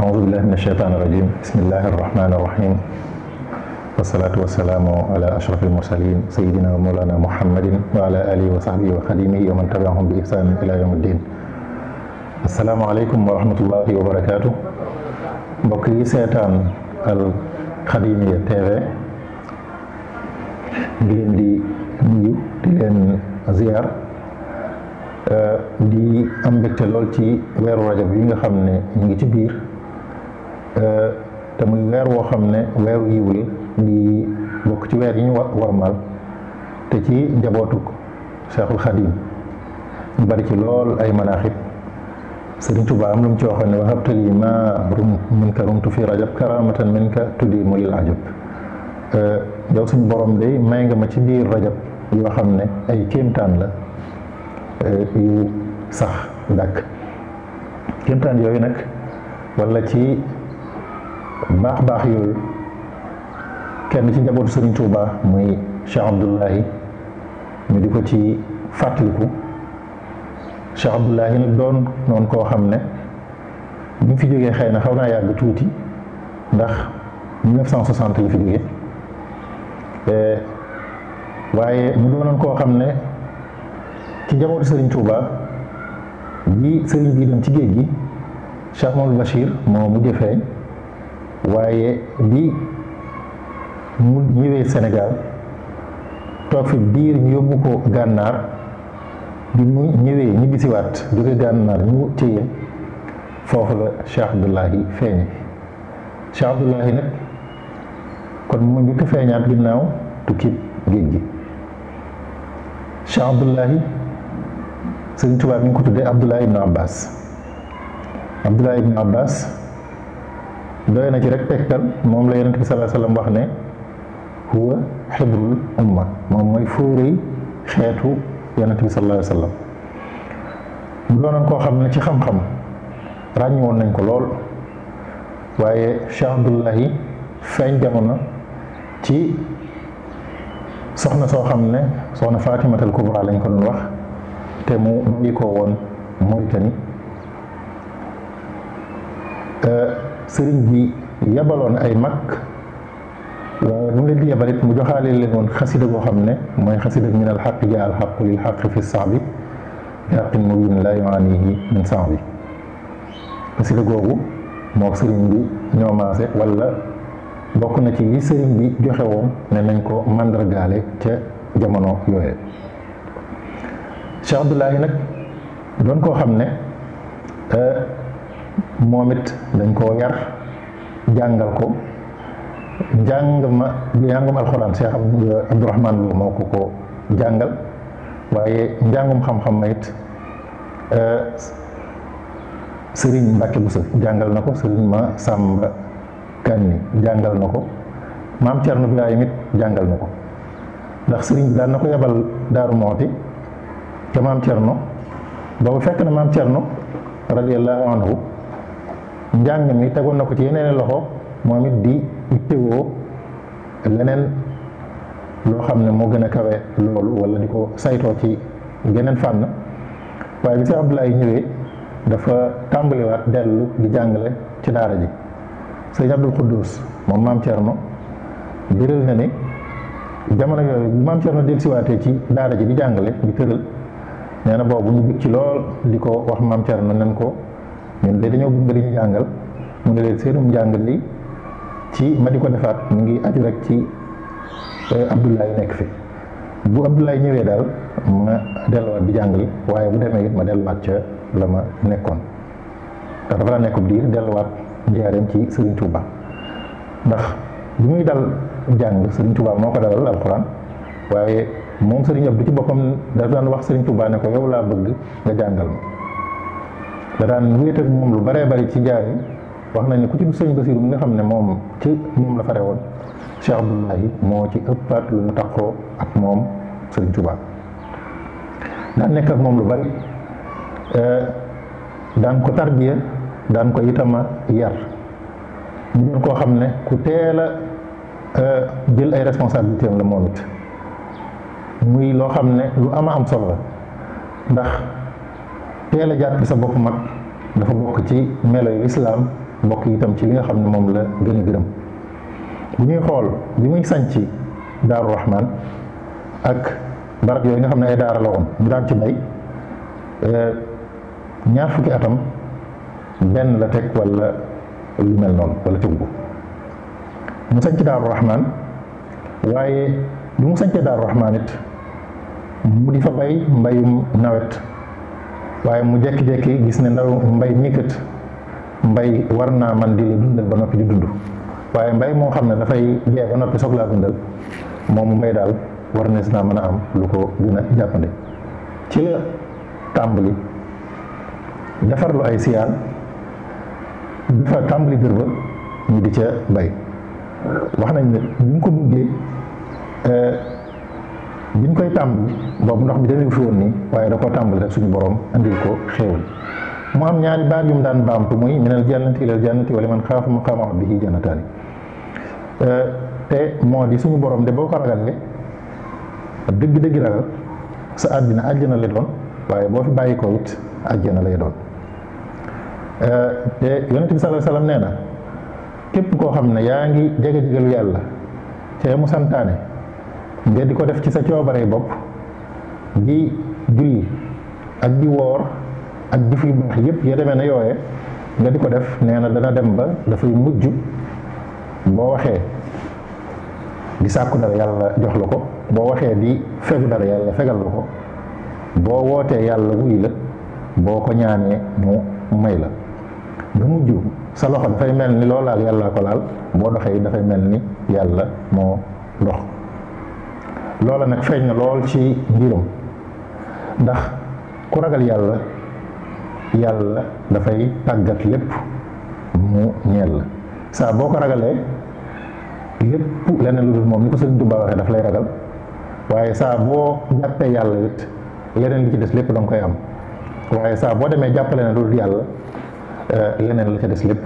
أعوذ بالله من الشيطان الرجيم بسم الله الرحمن الرحيم والصلاة والسلام على أشرف المرسلين سيدنا ومولانا محمد وعلى آله وصحبه وخديمه ومن تبعهم بإحسان إلى يوم الدين السلام عليكم ورحمة الله وبركاته بقي سيتان الخديمية تيفي di دي di nuyu di زيار آه، دي di am mbégte lool ci weeru Euh, te muy weer woo xam ne weeru yiw yi di bokk ci weer yi ñu warmal te ci njabootuk Cheikhul Khadim ñu bari ci lool ay manaaxib Sëriñ Tuubaa am lu mu ci waxoon ne wahabtali ma rum min ka rumtu fi rajab karamatan min ka tuddi mu lil ajab euh, yow suñ borom day may nga ma ci biir rajab yoo xam ne ay kéemtaan la euh, yu sax dàkk kéemtaan yooyu nag wala ci baax baax yooyu kenn ci njabootu Serigne Touba muy Cheikh Abdoulahi ñu di ko ci fàttaliku Cheikh Abdoulahi nag doon noonu koo xam ne bi fi jógee xëy na xaw naa yàgg tuuti ndax 1960 la fi jógee eh, waaye mu doonoon koo xam ne ci njabootu Serigne Touba bi Serigne bi dem ci géej gi Cheikh Mamadou Bachir moo mujj feeñ waaye bi mu ñëwee Sénégal toog fi biir yóbbu ko gànnaar bi mu ñëwee ñu bisiwaat jóge gànnaar ñu téye foofu la Cheikh Abdoulahi feeñe Cheikh Abdoulahi nag kon mu njëkk feeñaat ginnaaw tukki géej gi Cheikh Abdoulahi Sëriñ Tuubaa mi ko tuddee Abdoulahi ibn Abbas Abdoulahi ibn Abbas doy na ci rek tegtal moom la yonent bi salaa sallam wax ne huwa xibrul umma moom mooy fóorey xeetu yonent bi salaa sallam bu doonoon koo xam ne ci xam-xam woon nañ ko lool waaye Cheikh Abdullahi feeñ jamono ci soxna soo xam ne soxna Fatimatal Kubra lañ ko doon wax te mu ngi ko woon Mauritanie sëriñ bi yabaloon ay mag waaye mu leen di yabalit mu joxaale leen woon xasida boo xam ne mooy xasida min al xaq ja al xaq lil xaq fi saabi bi xaqin mubin la yuanihi min saabi xasida googu moo sëriñ bi ñoo wala bokk na ci yi sëriñ bi joxe woon ne nañ ko màndargaale ca jamono yooye Cheikh nag doon koo xam ne euh, momit dan dañ ko yar jangal ko jàng ma jàngum alxuraan Cheikh abdou rahman moko ko jangal waye jangum xam-xam mayit janggal eh, serigne Mbàkke Buso jangal nako serigne ma samba Kanni jangal nako mam maam Cerno Birahim it jàngal na ndax serigne dan nako yabal daru moti te mam ca bo fekk na mam Cerno radiyallahu anhu njàng mi tegoon na ko ci yeneen loxo moom it di ittewoo leneen loo xam ne moo gën a kawe loolu wala di ko saytoo ci geneen fànn waaye bi Cheikh Abdoulaye ñëwee dafa tàmbaliwaat dellu di jàngale ci daara ji sëñ Abdul Xuddus moom maam Thierno biral na ne jamono yooyu maam Thierno dellusiwaatee ci daara ji di jàngale di tëral nee boobu ñu bég ci lool di ko wax maam Thierno nan ko ñun de dañoo bëgg ñu jàngal mu ne leen seenum jàngal li ci ma di ko defaat mu ngi aju rek ci euh, abdoulaye nekk fi bu abdoulaye ñëwee daal ma delluwaat di jàngal waaye bu demee it ma delluwaat ca la ma nekkoon ndax dafa daan nekk diir delluwaat njaareem ci sëriñ tuuba ndax bi muy dal jàng sëriñ tuuba moo ko dalal alquran waaye moom sëriñ abdu ci boppam dafa daan wax sëriñ tuuba ne ko yow laa bëgg nga jàngal ma da daan wéet moom lu baree bari ci njaareem wax nañ ne ku ci sëñ Basiru mi nga xam ne moom ci moom la fare woon Cheikh Abdoulahi moo ci ëppaat lu mu taxoo ak moom sëñ Tuubaa daan nekk moom lu bari eh, daan ko tarbiya daan ko itama yar mu doon koo xam ne ku teel a eh, jël ay responsabilité am la moom it muy loo xam ne lu ama am solo la ndax teel a bi sa bopp mag dafa bokk ci melo yu islaam bokk itam ci li nga xam ne moom la gën gërëm bu ñuy xool bi muy sanc daaru rahman ak barab yooyu nga xam ne ay daara la woon mu daan ci bay eh, ñaar fukki atam benn la teg wala lu mel noonu wala tëggu mu sanc daaru rahman waaye bi mu sancee daaru rahman it mu di fa bay mbayum nawet waaye mu jekki-jekki gis ne ndaw mbay mii mbay war naa man di la dundal ba noppi di dund waaye mbay moo xam ne dafay jee ba noppi soog laa dundal moomu mbay daal war nees naa mën a am lu ko gën jàppande ci la tàmbali defarlu ay siyaan dafa tàmbali gër ba ñu di ca bay wax nañ ne ñu ko duggee eh, biñ koy tàmbali boobu ndox mi demee fi woon nii waaye da koo tàmbali rek suñu boroom andil ko xéewal mu am ñaari baat yu mu daan baamtu muy minal jannati ilal a wala a xaafa maqaama rabbihi jannataani euh, te moo di suñu borom de boo ko ragalee dëgg-dëgg ragal sa àddina àjjana lay doon waaye boo fi bàyyi ko it àjjana lay doon euh, te yonent bi sallallahu alayhi wasallam nee na képp koo xam ne yaa ngi jege jegalu yàlla te mu santaane. nga di ko def ci sa coobaree bopp di julli ak di woor ak jëf yu baax yépp ya demee na yooye nga di ko def nee na dana dem ba dafay mujj boo waxee di sàkku dara yàlla jox la ko boo waxee di fegu dara yàlla fegal la ko boo wootee yàlla wuy la boo ko ñaanee mu may la nga mujj sa loxo dafay mel ni loo laal yàllaa ko laal boo doxee dafay mel ni yàlla moo dox loola nag feeñ na lool ci mbiram ndax ku ragal yàlla yàlla dafay tàggat lépp mu ñeel la saa boo ko ragalee lépp leneen lu dul moom ni ko sëriñ Tuubaa waxee daf lay ragal waaye saa boo jàppee yàlla it leneen li ci des lépp danga koy am waaye saa boo demee jàpp leneen lu dul yàlla euh, leneen li ci des lépp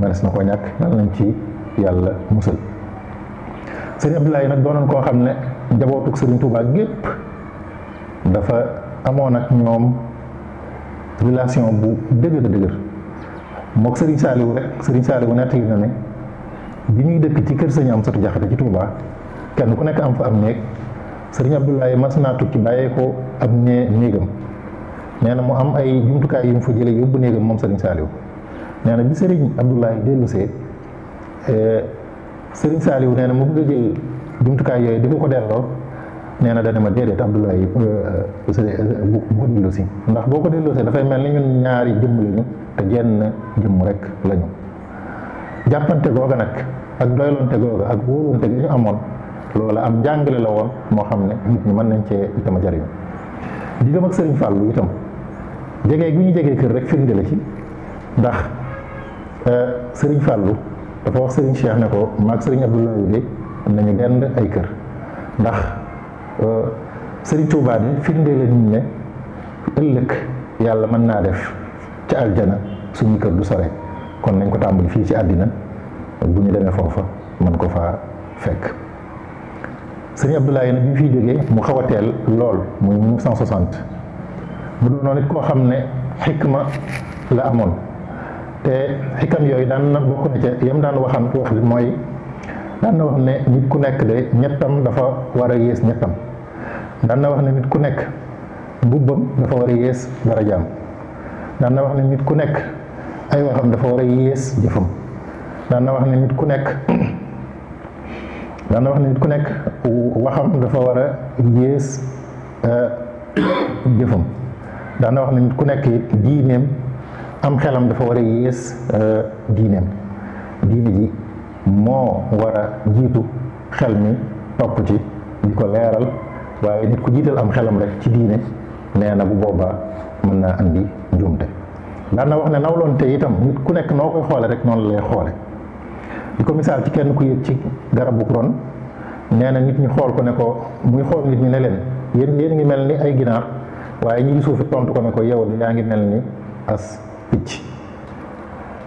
mënees na koo ñàkk dal nañ ci yàlla musal sëriñ Abdoulaye nag doonoon koo xam ne jabootug Serigne Touba gépp dafa amoon ak ñoom relation bu dëgër dëgër mook Serigne Saliou rek Serigne Saliou nettali na ne bi ñuy dëkk ci kër Serigne Amsatou Diakhaté ci Touba kenn ku nekk am fa am néeg Serigne Abdoulaye mas naa tukki bàyyee ko am néegam nee na mu am ay jumtukaay yu mu fa jëlee yóbbu néegam moom Serigne Saliou nee na bi Serigne Abdoulaye dellusee eh, sëriñ Saliou nee na mu bëgg a jël jumtukaay yooyu di ko ko delloo nee na dana ma déedéet Abdoulaye euh, euh, bu ko si ndax boo ko delloosee dafay mel ni ñun ñaari jëmm lañu te genn jëmm rek lañu jàppante googa nag ak doylonte googa ak wóolonte gi ñu amoon loola am njàngale la woon moo xam ne nit ñi mën nañ cee itam a jariñ diggam ak Sëriñ Fàllu itam jege gi ñu jege kër rek firnde la ci ndax euh, Sëriñ Fàllu dafa wax Sëriñ Cheikh ne ko maag Sëriñ Abdoulaye de nañu dend ay kër ndax euh, sëriñ Tuubaa ni firnde la nit ne ëllëg yàlla mën naa def ci aljana suñu kër du sore kon nañ ko tàmbali fii ci àddina bu ñu demee foofa mën ko faa fekk sëriñ Abdoulaye nag bi fi fiy jógee mu xaw a teel lool muy 1960 mu doon nit koo xam ne xikma la amoon te xikam yooyu daan na bokk na ca yam daan waxan wax mooy daan na wax ne nit ku nekk de ñettam dafa war a yées ñettam daan na wax ne nit ku nekk mbubbam dafa war a yées darajaam daan na wax ne nit ku nekk ay waxam dafa war a yées jëfam daan wax ne nit ku nekk daan wax ne ku nekk waxam dafa war a yées eh, jëfam wax ne ku nekk it diineem am xelam dafa war a yées eh, diineem diine ji moo war a jiitu xel mi topp ci di ko leeral waaye nit ku jiital am xelam rek ci diine nee na bu boobaa mën naa andi njuumte daan na wax ne nawloonte itam nit ku nekk noo koy xoole rek noonu lay xoole di ko misaal ci kenn ku yëg ci garabu ron nee na nit ñi xool ko ne ko muy xool nit ñi ne leen yéen yéen ngi mel ni ay ginaar waaye ñu ngi suufi tont ko ne ko yow yaa ngi mel ni as picc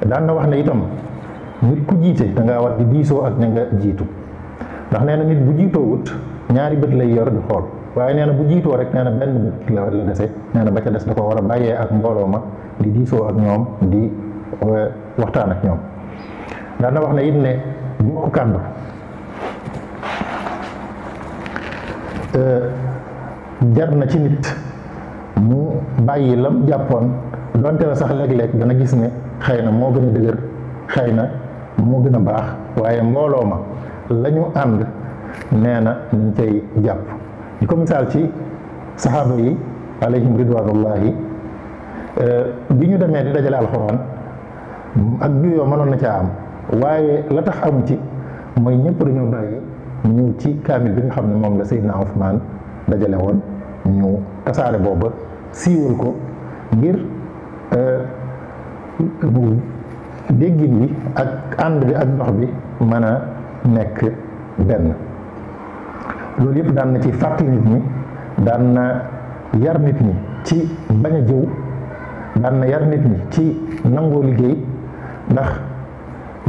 daan na wax ne itam nit ku jiite da ngaa war di diisoo ak ña jiitu ndax nee na nit bu jiitoo wut ñaari bët lay yor di xool waaye nee na bu jiitoo rek nee na benn bët la la dese nee ba ca des da ko war a bàyyee ak mbooloo ma di diisoo ak ñoom di euh, waxtaan ak ñoom daan na wax ne it ne bokk kàddu euh, jar na ci nit mu bàyyi la jàppoon donte la sax léeg-léeg dana gis ne xëy na moo gën a dëgër xëy na moo gën a baax waaye mbooloo ma la ànd nee na nañ cay jàpp di ko misaal ci saxaaba yi alayhim ridwanullahi eh, bi ñu demee di dajale alxuraan ak juyoo mënoon na caa am waaye la tax amu ci mooy ñëpp dañoo bàyyi ñëw ci kaamil bi nga xam ne moom la Seydina Ousmane dajale woon ñu tasaare booba siiwal ko ngir eh, déggin bi ak and bi ak dox bi mën nek ben benn loolu yëpp daan na ci fatte nit ñi daan na yar nit ñi ci baña a jëw daan na yar nit ñi ci nangoo liggéey ndax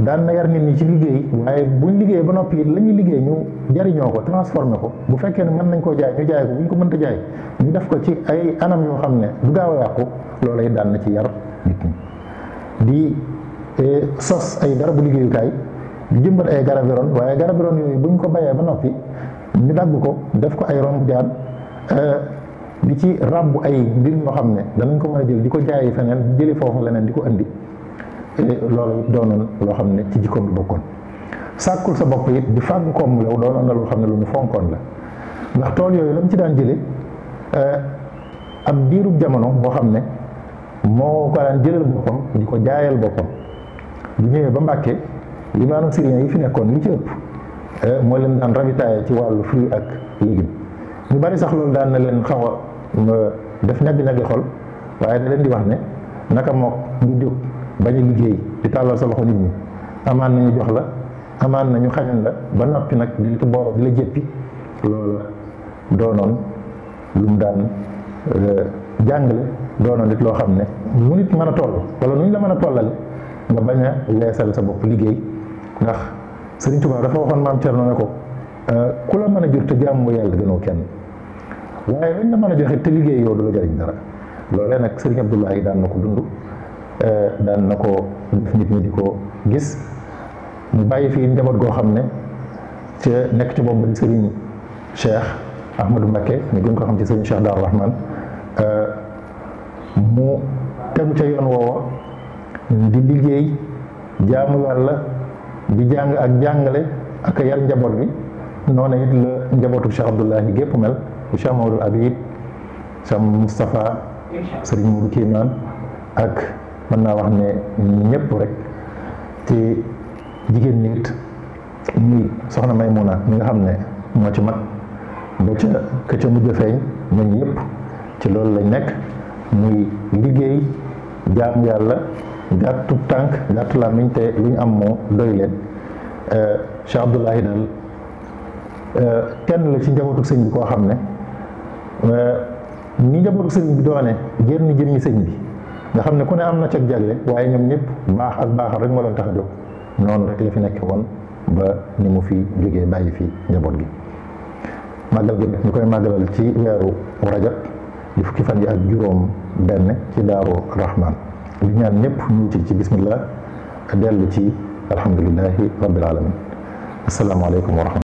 daan na yar nit ñi ci liggéey waye buñ liggéey ba nopi lañu liggéey ñu jariñoo ko transformé ko bu fekke ne mën nañ ko jaay ñu jaay ko buñ ko mënta jaay ñu def ko ci ay anam yo xamne ne du gaaw a lolay loolay daan na ci yar nit ñi di sos ay garabu liggéeyukaay di jëmbat ay garabi ron waaye garabi ron yooyu bu ñu ko bayee ba noppi ñu dagg ko def ko ay ron jaan euh, di ci ràbb ay mbir moo xam ne danañ ko mën a jël di ko jaayi feneen jëli foofu leneen di ko indi loolu it doonoon loo xam ne ci jikkoom lu bokkoon sa bopp di fàgg koom lew doonoon na loo xam ne lu ñu fonkoon la ndax tool yooyu la ci daan jële euh, ab diirub jamono boo xam ne moo ko di ko jaayal boppam bu ñëwee ba Mbàkke limaanu syrien yi fi nekkoon li ci ëpp eh, moo leen daan ravitaillé ci wàllu fruit ak légume ñu bari sax loolu daan na leen xaw a def ñagg ñaggi xol waaye da leen di wax ne naka mook ngi jóg bañ liggéey di tàllal sa loxo nit ñi amaan nañu jox la amaan nañu xañan la ba noppi nag di la booro la jéppi loolu doonoon lu mu daan eh, jàngale doonoon it loo xam ne mu nit mën a toll wala nu ñu la mën a tollale nga bañ a weesal sa bopp liggéey ndax Sëriñ Tuubaa dafa waxoon maam Cerno ne ko euh, ku la mën a jur te jaamu yàlla gënoo kenn waaye lañ la mën a joxe te liggéey yow du la jariñ dara loolee nag Sëriñ Abdoulaye daan na ko dund euh, daan na ko def nit ñi di ko gis mu bàyyi fii njaboot goo xam ne ca nekk ci boobu Sëriñ Cheikh Ahmadou Mbacké ñu gën ko xam ci Sëriñ Cheikh Daaru Rahman euh, mu tegu ca yoon woowa di liggéey jaamu yàlla di jàng ak jàngale ak yar njaboot bi noonu it la njabootu Cheikh Abdoulahi gépp mel bu Cheikh Mamadou Habib Cheikh Moustapha Sëriñ Mourou Kéemaan ak mën naa wax ne ñépp rek te jigéen ñi it muy soxna Maymuna mi nga xam ne moo ci mag ba ca ka ca mujj feeñ ñun ñëpp ci loolu lañ nekk muy liggéey jaamu yàlla gàttu tànk gàttu làmmiñ te lu ñu am moo doy leen euh, Cheikh Abdoulahi daal euh, kenn la ci njabootu sëñ bi koo xam ne euh, ni njabootu sëñ bi doone génn jëmmi sëñ bi nga xam ne ku ne am na cag jagle waaye ñoom ñëpp baax ak baaxal rek moo leen tax jóg noonu rek la fi nekkee woon ba ni mu fi jógee bàyyi fi njaboot gi màggal gi ñu koy màggalal ci weeru rajab di fukki fan yi ak juróom benn ci daaru rahman li ñaan ñëpp ñu wuti ci bismillah dellu ci alhamdulilahi rabbil alamin asalaamaaleykum wa rahmatulah